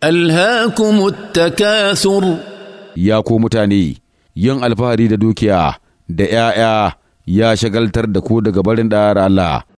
alhakum التكاثر ya ko mutane yin alfahari da dukiya da ‘ya'ya ya shagaltar da ko daga barin ɗa'ar Allah.